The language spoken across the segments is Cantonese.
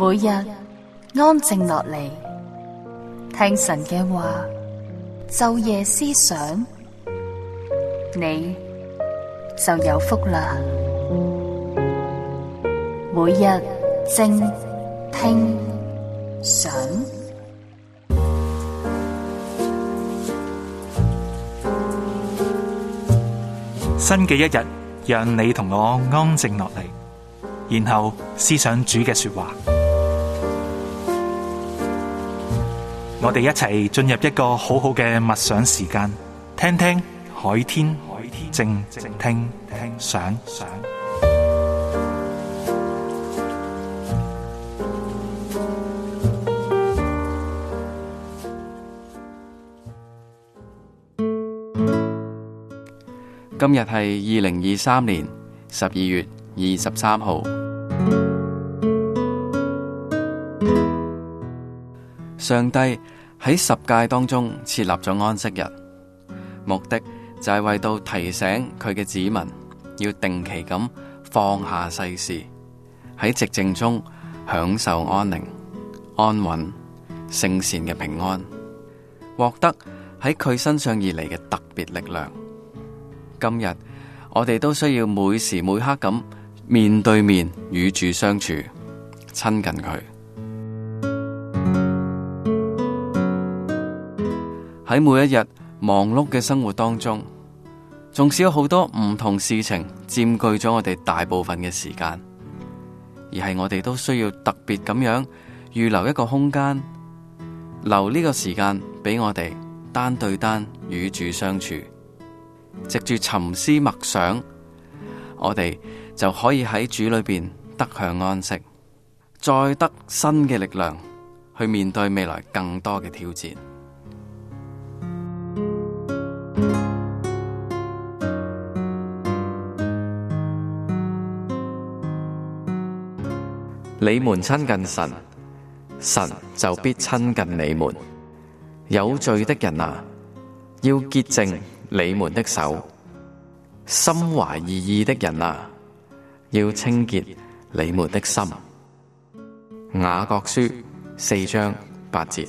每日安靜落嚟，聽神嘅話，晝夜思想，你就有福啦。每日靜聽想，新嘅一日，讓你同我安靜落嚟，然後思想主嘅說話。我哋一齊進入一個好好嘅默想時間，聽聽海天靜靜聽聽想。今日係二零二三年十二月二十三號。上帝喺十誡當中設立咗安息日，目的就係為到提醒佢嘅子民要定期咁放下世事，喺寂靜中享受安寧、安穩、聖善嘅平安，獲得喺佢身上而嚟嘅特別力量。今日我哋都需要每時每刻咁面對面與主相處，親近佢。喺每一日忙碌嘅生活當中，仲少好多唔同事情佔據咗我哋大部分嘅時間，而係我哋都需要特別咁樣預留一個空間，留呢個時間俾我哋單對單與主相處，藉住沉思默想，我哋就可以喺主裏邊得享安息，再得新嘅力量去面對未來更多嘅挑戰。你們親近神，神就必親近你們。有罪的人啊，要潔淨你們的手；心懷異意二意的人啊，要清潔你們的心。雅各書四章八節。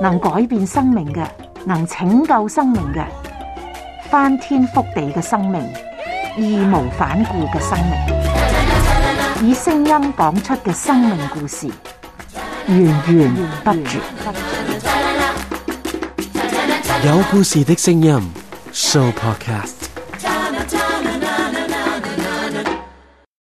能改變生命嘅，能拯救生命嘅，翻天覆地嘅生命，義無反顧嘅生命，以聲音講出嘅生命故事，源源不絕，有故事的聲音 Sooo Podcast。